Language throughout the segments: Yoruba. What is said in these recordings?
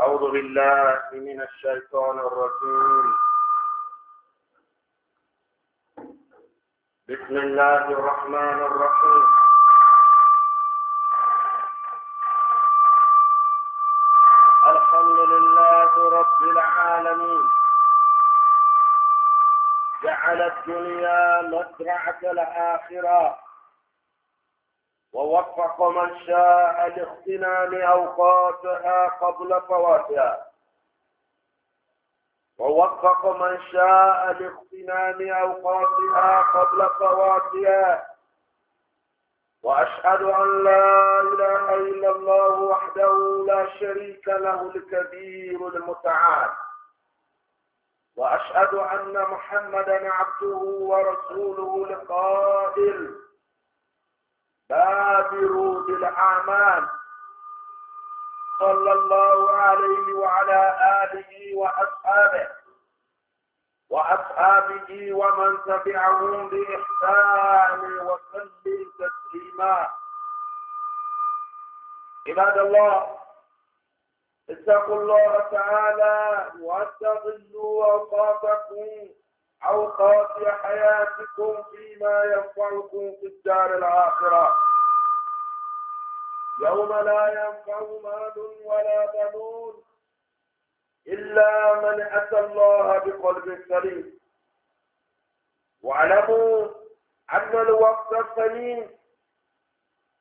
أعوذ بالله من الشيطان الرجيم بسم الله الرحمن الرحيم الحمد لله رب العالمين جعل الدنيا مزرعة الآخرة ووفق من شاء لاغتنام أوقاتها قبل فواتها ووفق من شاء لاغتنام أوقاتها قبل فواتها وأشهد أن لا إله إلا الله وحده لا شريك له الكبير المتعال وأشهد أن محمدا عبده ورسوله القائل بادروا بالأعمال صلى الله عليه وعلى آله وأصحابه وأصحابه ومن تبعهم بإحسان وسلم تسليما عباد الله اتقوا الله تعالى واستغلوا أوقاتكم أوقات حياتكم فيما ينفعكم في الدار الآخرة يوم لا ينفع مال ولا بنون إلا من أتى الله بقلب سليم واعلموا أن الوقت سليم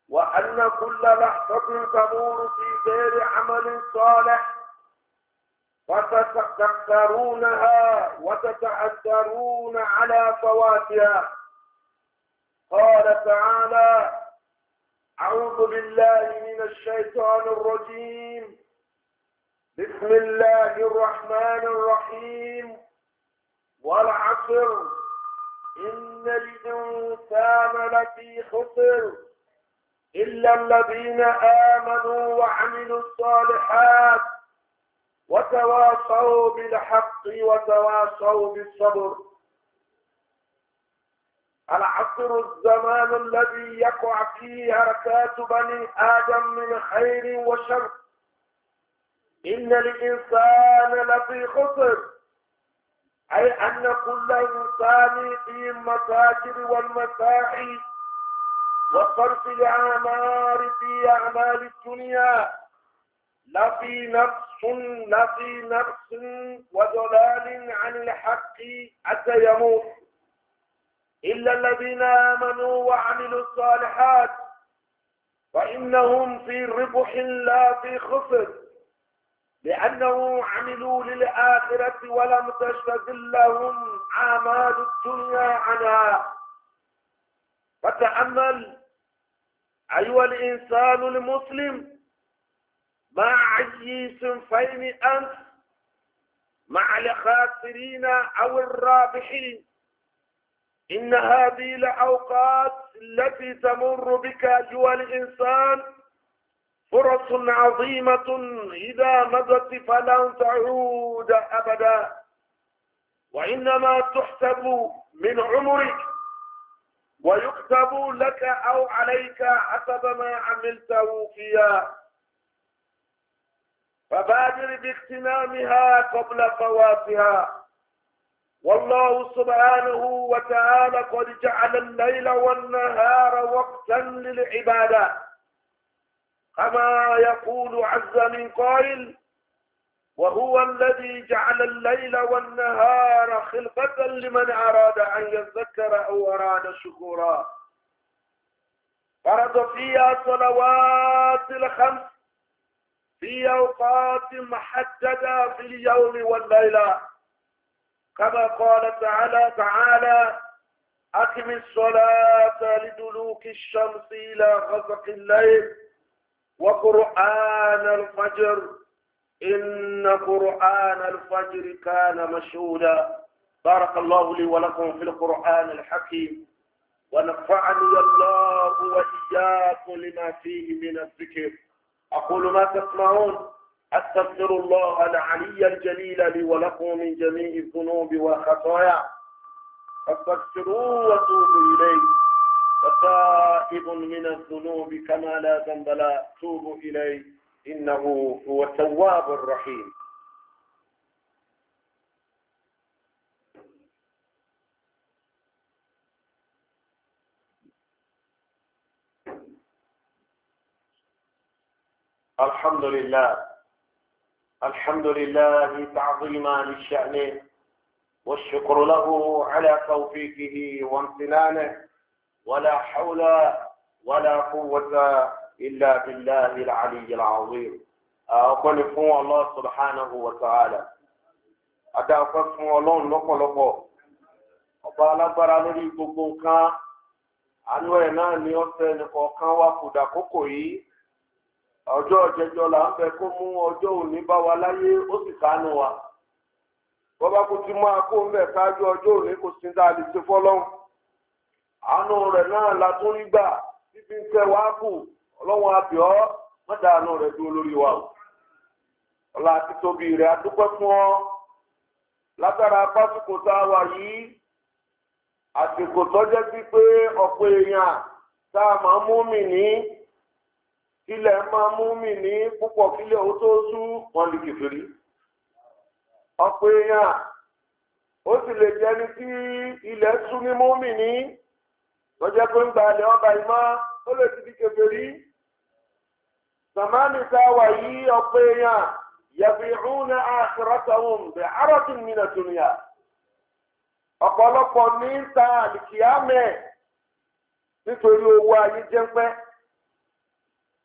وأن كل لحظة تمر في غير عمل صالح فتتذكرونها وتتأثرون على فواتها قال تعالى أعوذ بالله من الشيطان الرجيم بسم الله الرحمن الرحيم والعصر إن الإنسان لفي خطر إلا الذين آمنوا وعملوا الصالحات وتواصوا بالحق وتواصوا بالصبر العصر الزمان الذي يقع فيه حركات بني آدم من خير وشر إن الإنسان لفي خسر أي أن كل إنسان في المساجد والمساحي وصرف الأعمار في أعمال الدنيا لفي نفس لفي نفس وضلال عن الحق حتى يموت إلا الذين آمنوا وعملوا الصالحات فإنهم في ربح لا في خسر لأنه عملوا للآخرة ولم تشتغل لهم أعمال الدنيا عنها فتأمل أيها الإنسان المسلم مع أي صنفين أنت مع الخاسرين أو الرابحين إن هذه الأوقات التي تمر بك جوا الإنسان فرص عظيمة إذا مضت فلن تعود أبدا وإنما تحسب من عمرك ويكتب لك أو عليك حسب ما عملته فيها فبادر باغتنامها قبل فواتها والله سبحانه وتعالى قد جعل الليل والنهار وقتا للعبادة كما يقول عز من قائل وهو الذي جعل الليل والنهار خلقة لمن أراد أن يذكر أو أراد شكورا فرض فيها صلوات الخمس في أوقات محددة في اليوم والليلة كما قال تعالى تعالى أقم الصلاة لدلوك الشمس إلى غسق الليل وقرآن الفجر إن قرآن الفجر كان مشهودا بارك الله لي ولكم في القرآن الحكيم ونفعني الله وإياكم لما فيه من الذكر أقول ما تسمعون أستغفر الله العلي الجليل لي ولكم من جميع الذنوب والخطايا فاستغفروه وتوبوا إليه وتائب من الذنوب كما لا ذنب لا توبوا إليه إنه هو التواب الرحيم الحمد لله الحمد لله تعظيما لشأنه والشكر له على توفيقه وامتنانه ولا حول ولا قوة إلا بالله العلي العظيم أقول فهو الله سبحانه وتعالى أدعى فهو الله لقو لقو أبالا برالي بقوكا أنوى ناني أسنقوكا وفدقوكي ọjọ́ jẹjọ là ń bẹ kó mú ọjọ́ òní bá wa láyé ó sì kánú wa bọ́bá kò ti máa kó ń bẹ̀ ṣáájú ọjọ́ òní kò sí dáa lè ṣe fọ́lọ́hún àánú rẹ̀ náà la tún rí gbà fífi ń tẹ wá kù ọlọ́run àbíọ́ mọ́tà àánú rẹ̀ dúró lórí wa o ọ̀la àti tóbi rẹ̀ adúpẹ́ fún ọ látara pásítọ̀ tá a wà yìí àsìkò tọ́jẹ́ sí pé ọ̀pọ̀ èèyàn tá a máa mú mi ní ilẹ̀ máa mú mi ní púpọ̀ kílẹ̀ ó tó sú wọn lè kìfìrí ọ̀pọ̀ èèyàn ó sì lè jẹ́ ní tí ilẹ̀ sú ní mú mi ní lọ́jọ́ pé ń gba ilẹ̀ ọba ìmọ̀ ó lè ti di kìfìrí sàmánì táwa yìí ọ̀pọ̀ èèyàn yàbìrúnà àṣírọ́tàwọn bẹ̀ àròtì mìíràn tó ọ̀pọ̀lọpọ̀ ní ta àlìkìyàmẹ̀ nítorí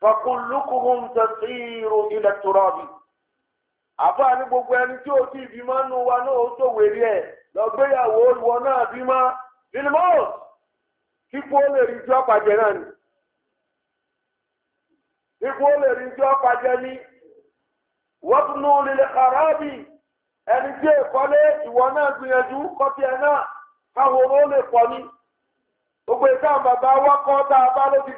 فكلكم تسير إلى التراب ni gbogbo ẹni tí ó ti ìbímọ nù wa náà ó tó wèrè ẹ lọgbéyàwó ìwọ náà bímọ filimọs kíkó lè rí tí ọpàjẹ náà ni kíkó lè rí tí ọpàjẹ ni wọ́pùnú lílẹ̀ kàràbì ẹni tí èkọ́lé ìwọ náà gbìyànjú kọ́tí ẹ náà káhóró lè pọ̀ ni gbogbo ìtàn bàbá wa kọ́ tá a bá ló ti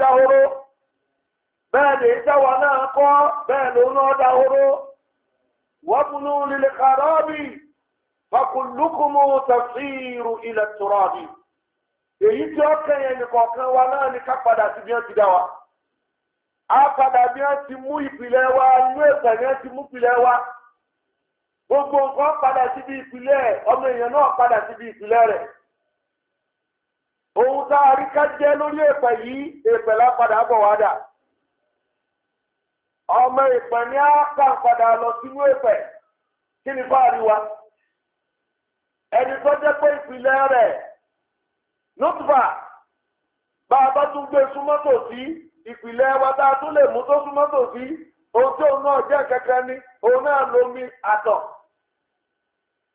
bẹ́ẹ̀ lè dáwà náà kọ́ bẹ́ẹ̀ ló náà dáhóró wọ́pùnú lílẹ̀ kàrọ́bì fakùlùkùmù tafsiru ilẹ̀ tùrọ́bì èyí tí ó kẹ́yẹ nìkọ̀ọ̀kan wa náà ní ká padà sí bí wọ́n ti dá wa a padà bí ti mú ìpìlẹ̀ wa inú ẹ̀sẹ̀ ni wọ́n ti mú ìpìlẹ̀ wa gbogbo nǹkan padà si ìpìlẹ̀ ọmọ èèyàn náà padà ìpìlẹ̀ rẹ̀ ohun tá a rí ká jẹ́ lórí èpè yìí èpè lápadà bọ̀ wá dà. ọmọ ìpẹ̀ ní ápá padà lọ sínú ìpẹ̀ kí ni bá rí wa ẹni tó jẹ́ pé ìpìlẹ̀ rẹ̀ nùtùfà bá a bá tún gbé súnmọ́tò sí ìpìlẹ̀ wa tá a tún lè mú tó súnmọ́tò sí ohun tí òun náà jẹ́ kẹ̀kẹ́ ni òun náà lomi àtọ̀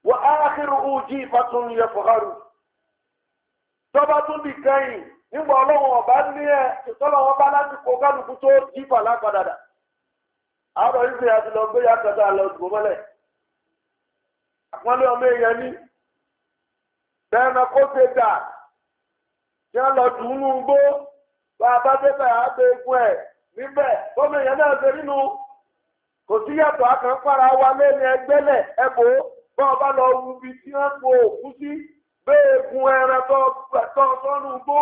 wọ ákírù ujì ìfàtún yẹ fọ̀hárù tọ́ba tún di kẹ́yìn nígbà ọlọ́wọ́n ọba ní ẹ̀ tọ́lọ́wọ́n bá láti kó kálukú tó jí fàlà padà dà. àárọ̀ ìgbé àti lọ gbé yàtọ̀dá lọ gbò mọ́lẹ̀ àpọ́nlé ọmọ èèyàn ní bẹ́ẹ̀mẹ kó ṣe dà tí wọ́n lọ dùn ún gbó bá a bá débẹ̀ á gbé egun ẹ̀ níbẹ̀ ọmọ èèyàn náà ṣe nínú kò sí yàtọ̀ akàn wa lẹ́nu wu tí wọ́n po òkú sí bẹ́ẹ̀ egun ẹran tó sọ́nù gbó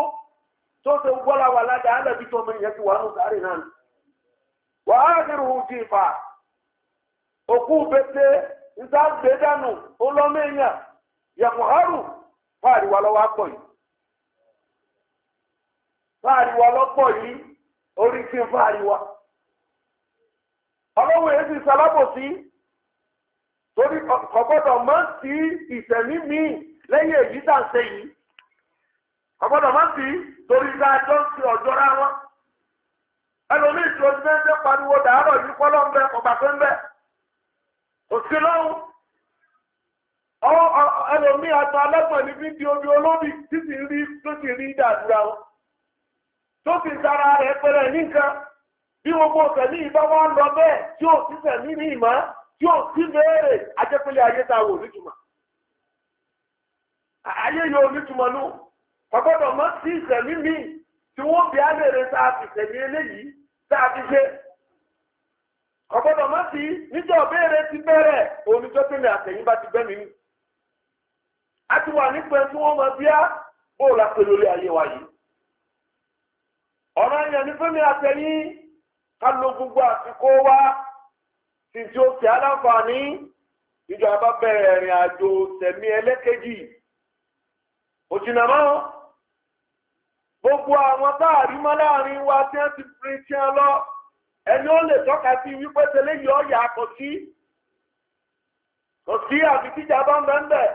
tó ṣe gbọ́lá wà ládàá lẹ́bi tó ọmọ èèyàn wàhánirù jìfà òkú pété ìdágbédánù olómẹ́yà yẹ̀kùhárù fáàríwá lọ́wọ́ pọ̀ yìí fáàríwá lọ́pọ̀ yìí orí kí fáàríwá ọlọ́wọ́ èsì sálábòsí torí kọ̀gbọ́dọ̀ máa sí ìsẹ̀mí míì lẹ́yìn èyí tà ń kọ̀gbọ́dọ̀ máa sí torí dáadọ́ ẹlòmíì tí oṣù méje pariwo dàárọ̀ yìí kọ́ lọ́n bẹ́ ọgbà tó ń bẹ́ òsì lọ́hùn ẹlòmíì àti alẹ́gbọ̀n ní fídíò omi olóbì tí rí tó sì rí dàdúrà wọn tó sì dára rẹ̀ pẹ̀lẹ́ nìkan bí gbogbo ọ̀sẹ̀mí ìbá wá lọ bẹ́ẹ̀ tí ò sí ìmọ̀ tí béèrè ajẹ́pẹ́lẹ́ ayé ta wò nítumọ̀ ayé yóò tàbí ṣe sí níjọ́ ọ̀bẹ̀rẹ̀ ti bẹ̀rẹ̀ oníjọ́ tẹ̀lé àtẹ̀yìn bá ti bẹ́mi ni a ti wà nípa ẹ̀ tí wọ́n máa bíá bóò la ayé wa yìí ọ̀rọ̀ ẹ̀yàn ní fẹ́mi àtẹ̀yìn gbogbo àsìkò wa sì tí ó fi aláǹfààní ìjọba bẹ̀rẹ̀ ìrìn àjò tẹ̀mí gbogbo àwọn báàrí mọ́ láàrin wa tí wọ́n ti lọ ẹni ó lè tọ́ka sí wípé tẹ́lẹ̀ yìí ọ̀yà kò sí kò sí tíjà bá ń bẹ́ńbẹ́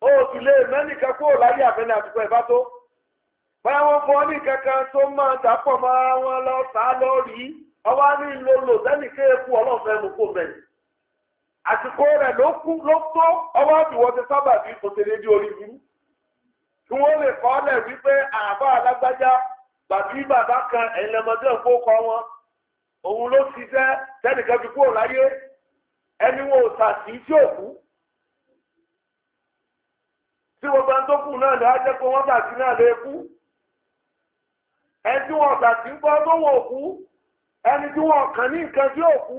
o sì lè mẹ́nìkan kúrò láyé àfẹ́lẹ́ àtúkọ̀ ìbá tó wọn ní kankan tó máa dàpọ̀ wọn lọ sá lọ rí ọwọ́ ní ọlọ́fẹ́ kó bẹ̀rẹ̀ àsìkò rẹ̀ ló tó ọwọ́ àbíwọ́ tí wọ́n lè kọ́lẹ̀ wípé àbá alágbájá tàbí bàbá kan ẹ̀lẹ́mọdé òkókọ wọn òun ló ṣiṣẹ́ tẹ́nìkan fi kúrò láyé ẹni wọn ò tàṣí tí ò kú tí gbogbo ẹni tó kù náà lè jẹ́ pé wọ́n tàṣí náà lè kú ẹni tí wọn tàṣí ń bọ́ tó wọn ò kú ẹni tí wọn kàn ní nǹkan tí ò kú.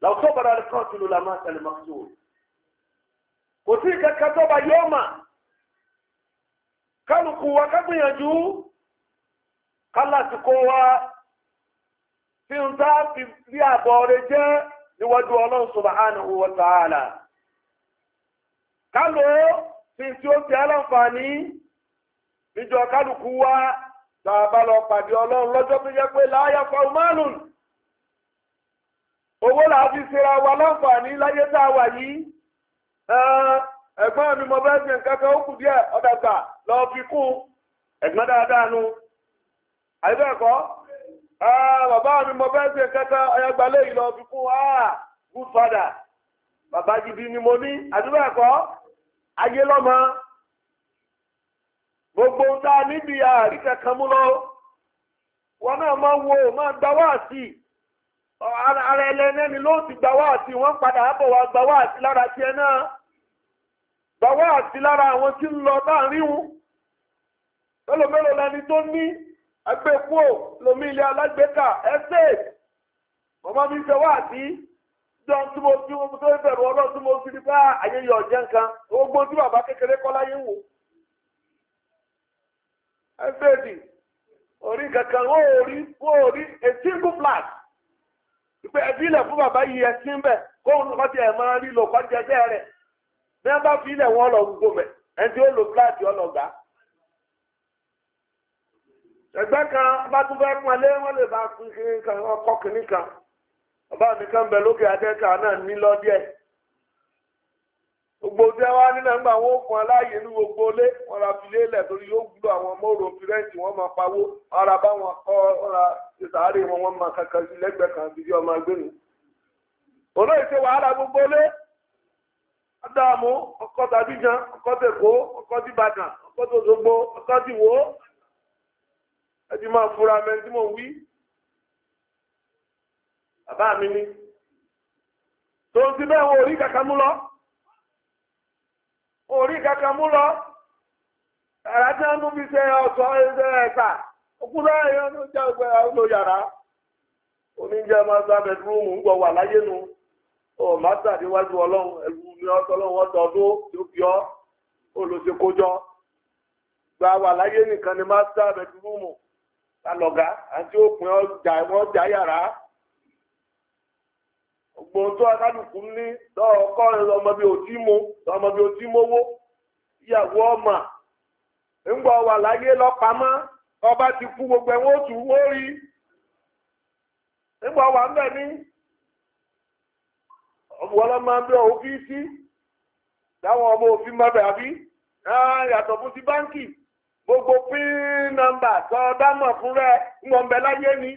law sabara al-qatilu lamata al-maqtul kò sí ìkẹkẹ tó bá yóò mà kálukú wa kágbìyànjú kálàtì kó wa fi ń tá fi bí àbọ̀ rẹ̀ jẹ́ níwájú ọlọ́run subhanahu wa ta'ala kálò fi tí ó fi aláǹfààní ya kálukú wa tàbá lọ fa umánùn owó là fi wa láǹfààní láyé tá a wà yìí ẹ̀gbọ́n mi mo fẹ́ ṣe nǹkan kan ó kù díẹ̀ ọ̀dàgbà lọ fi kún ẹ̀gbọ́n dáadáa nu àìbẹ́ẹ̀kọ́ bàbá mi mo fẹ́ ṣe nǹkan kan ọ̀yàgbà léyìí lọ fi ah, good father bàbá gidi ni mo ní ayé gbogbo ta níbi àríkẹ̀kẹ́ mú lọ wọn náà máa wo máa ara ẹlẹ́nẹ́ ni ló ti gbà wáàsí wọ́n padà bọ̀ wá gbà wáàsí lára tiẹ̀ náà gbà wáàsí lára àwọn tí ń lọ bá rí wọn mélòmélò lẹni tó ní agbẹ́kúò lomi ilé alágbèéká ẹsẹ̀ mọ̀mọ́ mi ṣe wáàsí jọ tí mo fi wọn tó bẹ̀rù ọlọ́run tí mo fi ní bá ah, ayẹyẹ ọ̀jẹ́ nǹkan ogbó tí bàbá kékeré kọ́ láyé wò ẹsẹ̀ dì orí kankan wọ́n ò rí wọ́n ò rí a single flag pé ẹbí ilẹ̀ fún bàbá yìí ẹtí ń bẹ̀ kóun lọ́kọ́ tiẹ̀ máa rí lò kọ́ jẹjẹ́ rẹ̀ bí wọ́n bá fi ilẹ̀ wọn lọ gbogbo mẹ̀ ẹni tí ó lò fúláàtì ọlọ́gbà. ẹgbẹ́ kan bá tún fẹ́ pọn lé wọ́n lè bá kún kínní kan ọkọ̀ kínní kan ọba nìkan bẹ̀ lókè adẹ́ka náà ní lọ́díẹ̀ gbogbo tí wọn á nínú ẹgbẹ́ àwọn òkun aláàyè ní gbogbo ilé wọn ra fi lélẹ̀ torí yóò gbúdọ àwọn ọmọ òrò fìrẹǹtì wọn máa pawó ara báwọn kọ ọra ìsàárè wọn wọn máa kankan sí lẹ́gbẹ̀ẹ́ kan bíi ọmọ agbẹnu. òun èsè wàhálà gbogbo ilé ádámù ọkọ tàbíjan ọkọ tẹkọ ọkọ tìbàdàn ọkọ ọkọ máa fura wí. bàbá mi ni orí kankan mú lọ ẹ̀rá tí wọ́n tún fi ṣe ọ̀sọ́ ẹ̀ṣẹ̀ ẹ̀ka òkúta ẹ̀yọ́ jẹ́ ọgbẹ́ ọlọ́ yàrá oníjẹ́ ọmọ sábẹ̀ ń gbọ́ wà láyé nu ọ̀ níwájú ọlọ́run ẹ̀rù ni ọtọ́lọ́run ta gbogbo tó akálùkù ní lọ́ọ̀kọ́ ọmọ bí òtí mo ọmọ bí òtí mowó ìyàwó ọmọ ńgbọ́ wà láyé lọ́pamọ́ ọba ti kú gbogbo ẹ̀wọ̀n oṣù wórí ńgbọ́ wà ń bẹ̀ ní ọ̀pọ̀lọmọ bí ọ́fíìsì táwọn ọmọ òfin má bẹ̀ àbí yàtọ̀ fún ti báńkì gbogbo pín nọ́mbà sọ dámọ̀ fún rẹ̀ ń wọ̀n bẹ̀ láyé ni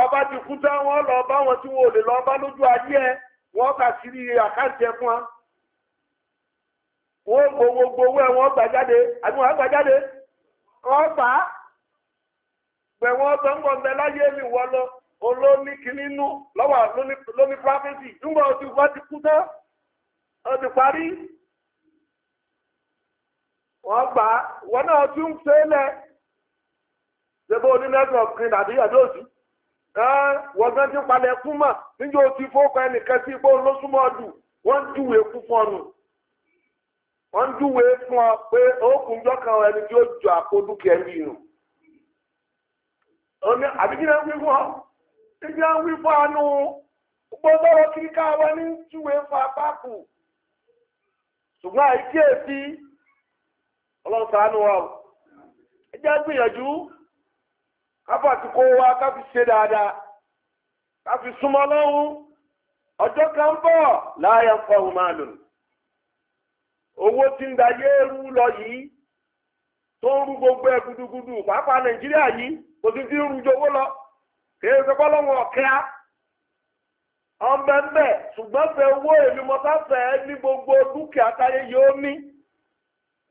ọba ti kú tán wọ́n lọ bá wọn tí wọ́n lè lọ bá lójú ayé ẹ wọ́n kà sí rí àkáǹtì ẹ fún wa wọ́n gbowó gbowó ẹ wọ́n gbà jáde àbí wọ́n gbà jáde wọ́n gbà á pẹ̀ wọ́n sọ ń bọ̀ bẹ láyé mi wọ́n lọ olóní kìnnínú lọ́wọ́ lóní pírọ́fẹ́sì nígbà tí wọ́n ti kú tán ó ti parí wọ́n gbà á wọ́n náà tún ń fẹ́lẹ̀ ṣe bó oní nẹ́tíwọ̀kì kìnnìkan àbí àdóòtú. wọ́n ti palẹ̀ ẹkún mà níjẹ́ o ti fọ́kọ ẹnìkan sí igbó lọ́sùmọ̀ wọ́n ń júwe kú fún ọ wọ́n ń júwe fún ọ pé òkun jọ ẹni tí ó jọ àpò dúkìá nù. ọ̀nà ń wí fún ọ ń wí fún káwọn ní ẹ jẹ́ gbìyànjú. káfà ụwa kó wá se dada dáadáa káfi súnmọ́ lọ́hùn ọjọ́ kan ń bọ̀ láàyè ńkọ hùmánù owó tí ń dayé rú lọ yìí tó ń gbogbo gudugudu pàápàá nàìjíríà yìí kò sì fi ń rú jowó lọ kèé sọpọ́ lọ́wọ́ ọ̀kẹ́á ọ̀bẹ̀ẹ̀bẹ̀ owó ní gbogbo dúkìá táyé yóò ní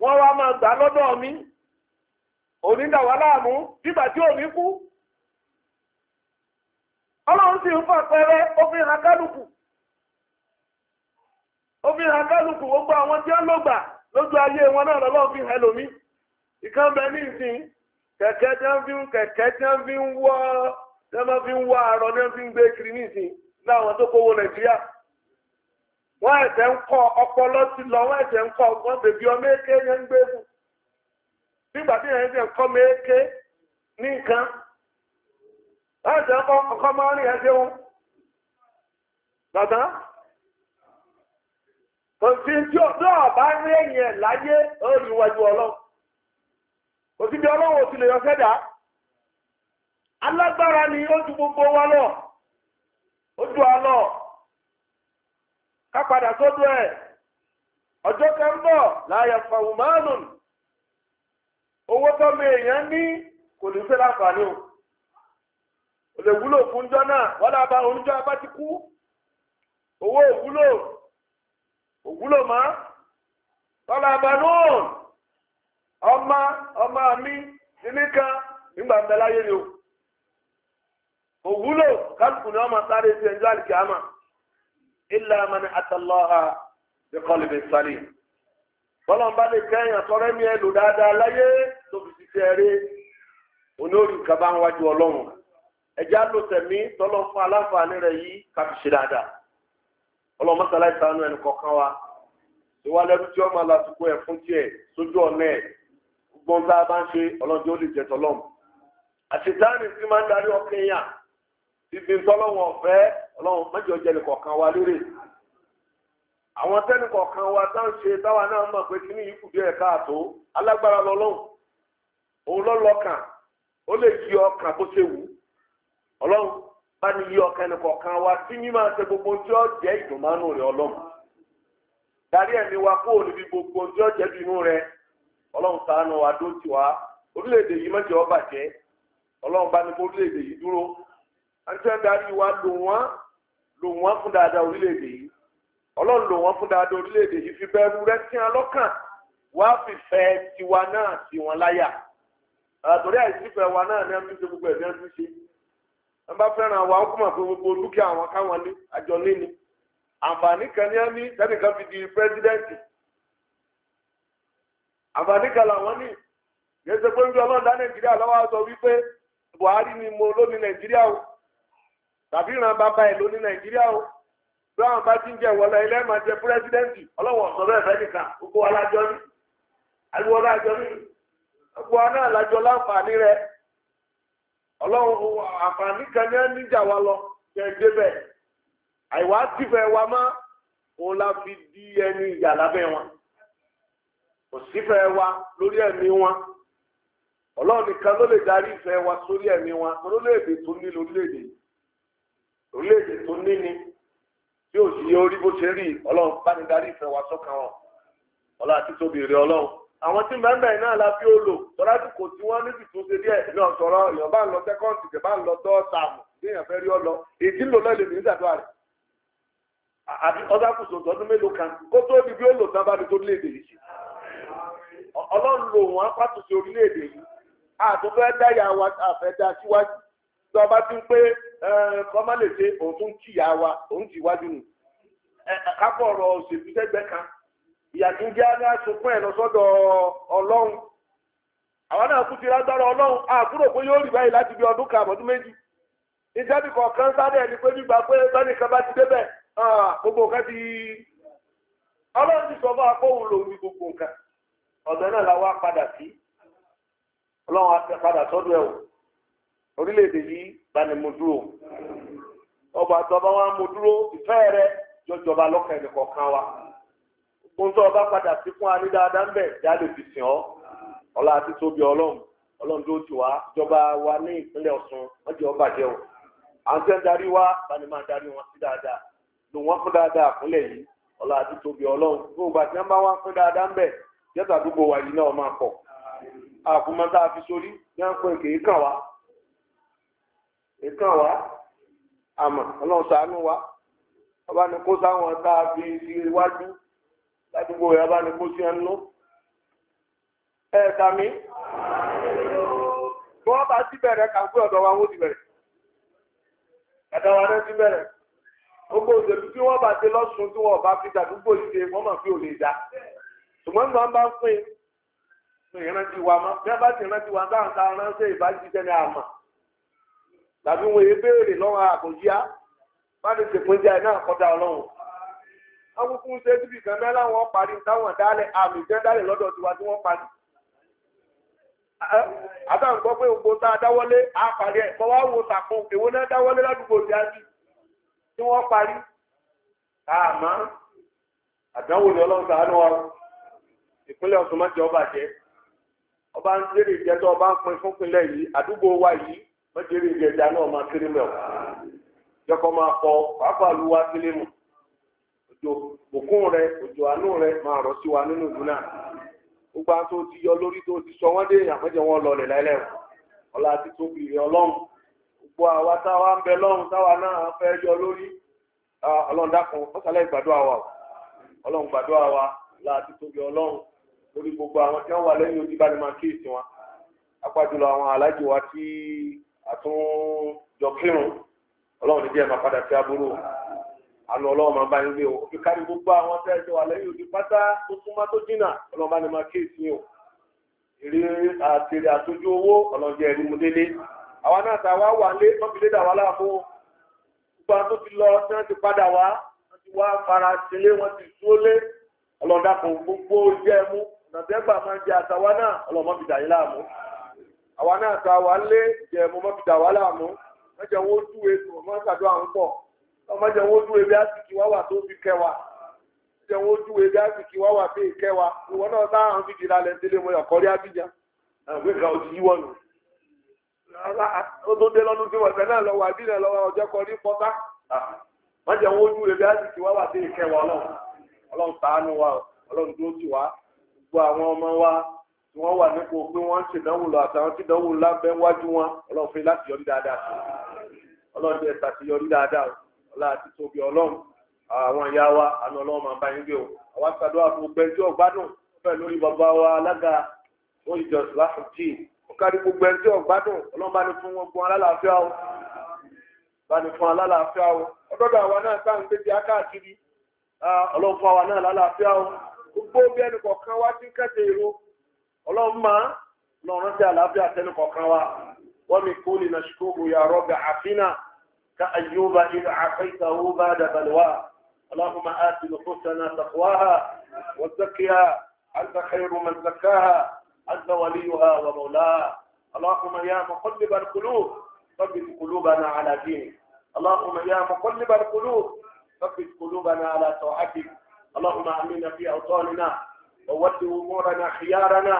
wá òní laamu wá láàmú bíbà tí òní kú ọlọ́run sì ń fàpẹẹrẹ ó kálukú kálukú gbogbo àwọn tí wọ́n lọ́gbà lójú ayé wọn náà lọ́lọ́ fi lómi ìkan bẹ ní fi kẹ̀kẹ́ tí wọ́n fi wọ́ tí wọ́n fi wọ́ àárọ̀ wọ́n fi gbé kiri ní ìsìn ọpọlọ ti lọ wọ́n ẹ̀sẹ̀ ń kọ́ ọgbọ́n bèbí ọmọ yẹn ń gbé fún nígbà tí ìrìn ẹ̀jẹ̀ kọ́ mẹ́ ké ní nǹkan láti ọkọ̀ máa rìn ẹ̀jẹ̀ wọn bàbá kò sí tí rí ẹ̀yìn ẹ̀ láyé olùwàjú ọlọ́run kò sí bí ọlọ́run lè yọ sẹ́dà alágbára ni ó ju gbogbo wa lọ ó ju alọ ká padà sódò ọjọ́ kan bọ̀ owó tọ́mọ èèyàn ní kò ní fẹ́ láǹfààní o kò wúlò fún jọ náà wọ́n lábá oníjọ́ abá ti kú owó òwúlò òwúlò mọ́ tọ́lá ọmọ ọmọ mi nìkan nígbà ń ni o òwúlò kálukú ni ọmọ sáré sí ẹjọ́ àlìkàmà illa man atallaha biqalbin salim. bọ́lọ́n bá lè kẹ́yàn tọrẹ́ mi ẹ̀ lò dáadáa láyé tóbi ti tẹ́ rí onórí kaba ń wájú ọlọ́run ẹ̀já ló tẹ̀mí tọ́lọ́ fún aláǹfààní rẹ̀ yìí ká fi ṣe dáadáa ọlọ́run mọ́sálá ìsànú ẹnì kọ̀ọ̀kan wa ìwà lẹ́nu tí ọmọ alásùkò ẹ̀ fún tiẹ̀ sójú ọ̀nà ẹ̀ gbọ́n tá a bá ń ṣe ọlọ́jọ́ ó lè jẹ tọ́lọ́m àṣetánì tí máa ń darí ọkàn yà ibi tọ́lọ́wọ̀n ọ̀fẹ́ ọlọ́run mẹ́jọ jẹ́ nìkọ̀ọ̀kan wa lérè àwọn tẹ́nì kọ̀ọ̀kan wa tá ṣe táwa náà mọ̀ pé kí ní ikú díẹ̀ káàtó alágbára lọ́lọ́hùn òun lọ́lọ́kàn ó lè yí ọkàn bó ṣe wù ú ọlọ́run bá ní yí ọkàn ẹnì kọ̀ọ̀kan wa tí mi máa ṣe gbogbo tí ó jẹ́ ìdùnmánú rẹ ọlọ́run darí ẹ̀mí wa kó o níbi gbogbo tí ó jẹ́ bínú ọlọ́run wa dó orílẹ̀-èdè yìí mọ̀jẹ̀ bàjẹ́ ọlọ́run bá ní ọlọ́run lò wọ́n fún dáadáa orílẹ̀-èdè yìí fi bẹ̀rù rẹ sí wọn lọ́kàn wá fìfẹ́ tiwa náà sí wọn láyà àtòrí àìsífẹ́ wa náà ní ẹni tó gbogbo ẹ̀mí ẹni ṣe ẹ bá fẹ́ràn wa ó kúmọ̀ fún gbogbo dúkìá àwọn káwọn ní àjọ lé ni àǹfààní kan ní ẹni tẹ́nìkan fi di pírẹ́sidẹ́ǹtì àǹfààní kan làwọn ní yẹsẹ̀ pé ń bí ọlọ́run dá nàìjíríà lọ́wọ́ sọ wípé buhari ni mo ló ní nàìjíríà o tàbí ìran bàbá ẹ̀ ló nàìjíríà o. báwọn bá ti ń jẹ wọlé ilé máa jẹ pírẹsidẹ́ǹtì ọlọ́wọ́ ọ̀sán bẹ́ẹ̀ nìkan gbogbo alájọ ní ariwo alájọ ní gbogbo láǹfààní rẹ àǹfààní kan ní níjà wa lọ jẹ wa mọ́ la fi di ẹni ìyà lábẹ́ wọn kò wa lórí ẹ̀mí wọn ọlọ́run nìkan ló lè darí ìfẹ́ wa sórí ẹ̀mí wọn lórílẹ̀-èdè tó ní tí ò sí orí bó ṣe rí ọlọ́run bá darí ìfẹ́ wa sọ́kàn wọn ọlá àti tóbi rẹ ọlọ́run àwọn tí mẹ́mẹ́ náà la fi ó lò tọ́lá tí kò tí wọ́n níbi tó ṣe díẹ̀ náà sọ̀rọ̀ èèyàn bá ń lọ sẹ́kọ́ǹtì kẹ̀ bá ń lọ tọ́ sàmù kan kó tó ibi bí ó lò tán bá mi tó yìí ọlọ́run lò wọ́n pàtó sí orílẹ̀-èdè yìí dáyà tó ti pe eh, kọma le se òun tún jìyà wa òun ti wájú nù eh, kápọ̀ ọ̀rọ̀ òṣèlú kan ìyàtí jẹ́ aláṣokún ẹ̀ sọ́dọ̀ ọlọ́run àwọn náà kú ti lágbára ọlọ́run àkúrò pé yóò rí báyìí láti bí ọdún kan àbọ̀dún méjì kọ̀ọ̀kan sáré ẹni pé gbogbo nǹkan ti ọlọ́run ti sọ fún lòun ní gbogbo orílẹ̀-èdè yìí bá ní mo dúró ọba àtọ́ba wa mo dúró ìfẹ́ rẹ jọjọba lọ́kàn ẹ̀mí kọ̀ọ̀kan wa ohun tó ọba padà sí fún ani dáadáa ń bẹ̀ já lè fi sìn ọ́ ọlá àti tóbi ọlọ́run ọlọ́run tó ti wá ìjọba wa ní ìpínlẹ̀ ọ̀ṣun wọ́n jẹ́ ọba jẹ́ o à ń tẹ́ ń darí wa bá ní máa darí wọn sí dáadáa lò wọ́n fún dáadáa àkúnlẹ̀ yìí ọlá àti tóbi ọlọ́run fún ìgbà tí wọ́n bá wá fún ìkàn wá àmọ́ ọlọ́run ṣàánú wa ọba ni kó sáwọn tá a fi sí iwájú ládùúgbò rẹ̀ ọba ni kó sí ẹnu ẹ sami bí wọ́n bá ti bẹ̀rẹ̀ kàǹpé ọ̀dọ̀ wa wọ́n ti bẹ̀rẹ̀ ẹ̀dọ̀ wa náà ti bẹ̀rẹ̀ gbogbo òṣèlú tí wọ́n bá ti lọ́sùn tí wọ́n bá fi dàdúgbò ṣe wọ́n mọ̀ fi ò lè dá ṣùgbọ́n nígbà bá ń pín ìrántí wa mọ́ bí wọ́n bá ti rántí wa dáhùn tá a ránṣẹ́ ìbájú tàbí wọn èé béèrè lọ́wọ́ àkòjíá má lè ṣèpín jẹ́ iná àkọ́dá ọlọ́run. àwọn kúkú ń ṣe síbi kan náà láwọn parí táwọn dálẹ̀ àmì jẹ́ dálẹ̀ lọ́dọ̀ tiwa tí wọ́n parí. àtàwọn gbọ́ pé ògbó tá a dáwọ́lé á parí ẹ̀ kọ́ wá wo sàkún èwo náà dáwọ́lé ládùúgbò tí a sì tí wọ́n parí. àmọ́ àdánwò ni ọlọ́run sàánú wa ìpínlẹ̀ Ọ̀ṣun má jẹ́ ọba jẹ́ ọba ń dérè jẹ́ tó ọba ń pin fúnpinlẹ̀ yìí àdúgbò wa yìí mọ́tẹ́rì ìjẹta náà máa kéré mẹ́ o jọkọ́ máa pọ̀ pàápàá lu wá sílé mu òjò òkun rẹ òjò àánú rẹ máa rọ̀ sí wa nínú ìlú náà gbogbo ti yọ lórí tó ti sọ wọ́n dé àpẹ́jẹ wọn lọlẹ̀ láìlẹ̀ ọ̀la rẹ ọlọ́run gbogbo àwa táwa ń bẹ lọ́run táwa náà fẹ́ yọ lórí ọlọ́run dákun gbàdúrà wa ọlọ́run gbàdúrà wa gbogbo àwọn tí wọ́n wà lẹ́yìn wa tí. àtúnjọ kírun ọlọ́run níbi ẹ̀ máa padà sí aburú àánú ọlọ́run máa bá yín gbé o fi kárí gbogbo àwọn tẹ́ ẹjọ́ wà lẹ́yìn òdi pátá tó súnmọ́ tó jìnnà ọlọ́run bá ní máa kíyèsí o èrè àtèrè àtòjú owó ọlọ́run jẹ́ ẹ̀rí mu délé àwa náà tá a wá wà lé wọ́n fi lé dà wá láàbò gbogbo àwọn tó ti lọ tí wọ́n ti padà wá wọ́n ti wá fara sílé wọ́n ti dúró lé ọlọ́run dàpọ̀ gbogbo jẹ́ mú nàbẹ́gbà máa ń jẹ àtàwa náà ọlọ́run fi dà yín láàmú awa náà ta wà ń lé jẹ mo mọ́ fi dà wá láàmú mọ́jẹ wọn ó dúwe tó mọ́ sàdó àwọn pọ̀ mọ́jẹ wọn ó dúwe bí wà tó fi kẹ́ mọ́jẹ wọn ó dúwe bí wà wa ìwọ náà tá àwọn fìdí lálẹ́ délé mo yọ̀ kọ́rí àgbẹ̀ kan òjì dé tí wọ́n fẹ́ náà lọ́wọ́ lọ́wọ́ ọjọ́ pọ́tá mọ́jẹ wọn ó dúwe bí wà ọlọ́run ọlọ́run tí wọ́n wà nípò pé wọ́n ń ṣèdánwò lọ àtàwọn tí ìdánwò ńlá wájú wọn ọlọ́run láti yọrí dáadáa sí ọlọ́run ti yọrí dáadáa ọlá tóbi ọlọ́run àwọn ìyá wa àna ọlọ́run máa bá yín gbé o àwa ṣàdúrà fún gbẹjọ́ ọ̀gbádùn bẹ́ẹ̀ lórí bàbá wa alága oníjọ láti jì ó kárí gbogbo ẹni tí ọ̀gbádùn ọlọ́run bá ní fún wọn gun alálàáfíà o bá ní fún alálàáfíà o ọdọ́dọ̀ àwa náà sáà ń gbé ti akáàkiri ọlọ́run fún àwa náà lálàáfíà o ọlọ́run máa lọ́rán sí àlàáfíà tẹ́lẹ̀ kọ̀ọ̀kan wa wọ́n mi kú lè nàṣíkòkò ya rọ́bà àfínà ká àyíwá ilẹ̀ àfẹ́ta owó bá dàbàlùwà اللهم آت نفوسنا تقواها وزكها أنت خير من زكاها أنت وليها ومولاها اللهم يا مقلب القلوب ثبت قلوبنا على دينك اللهم يا مقلب القلوب ثبت قلوبنا على طاعتك اللهم آمنا في أوطاننا وولوا أمورنا خيارنا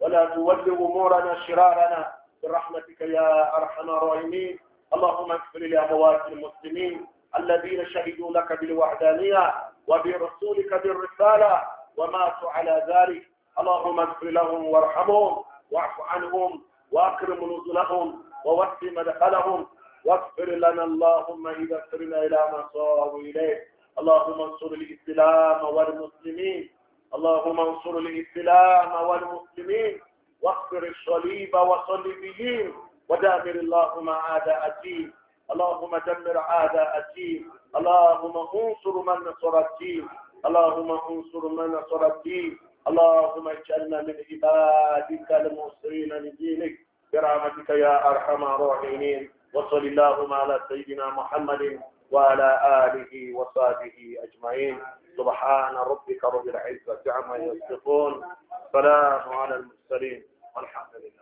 ولا تولوا أمورنا شرارنا برحمتك يا أرحم الراحمين اللهم اغفر لأموات المسلمين الذين شهدوا لك بالوحدانية وبرسولك بالرسالة وماتوا على ذلك اللهم اغفر لهم وارحمهم واعف عنهم واكرم نزلهم ووسع مدخلهم واغفر لنا اللهم اذا سرنا الى ما صاروا اليه اللهم انصر الاسلام والمسلمين اللهم انصر الإسلام والمسلمين واغفر الصليب والصليبيين ودامر اللهم عاد الدين اللهم دمر عاد الدين اللهم انصر من نصر الدين اللهم انصر من نصر الدين اللهم اجعلنا من عبادك المصرين لدينك برحمتك يا أرحم الراحمين وصل اللهم على سيدنا محمد وعلى آله وصحبه أجمعين سبحان ربك رب العزة عما يصفون سلام على المرسلين والحمد لله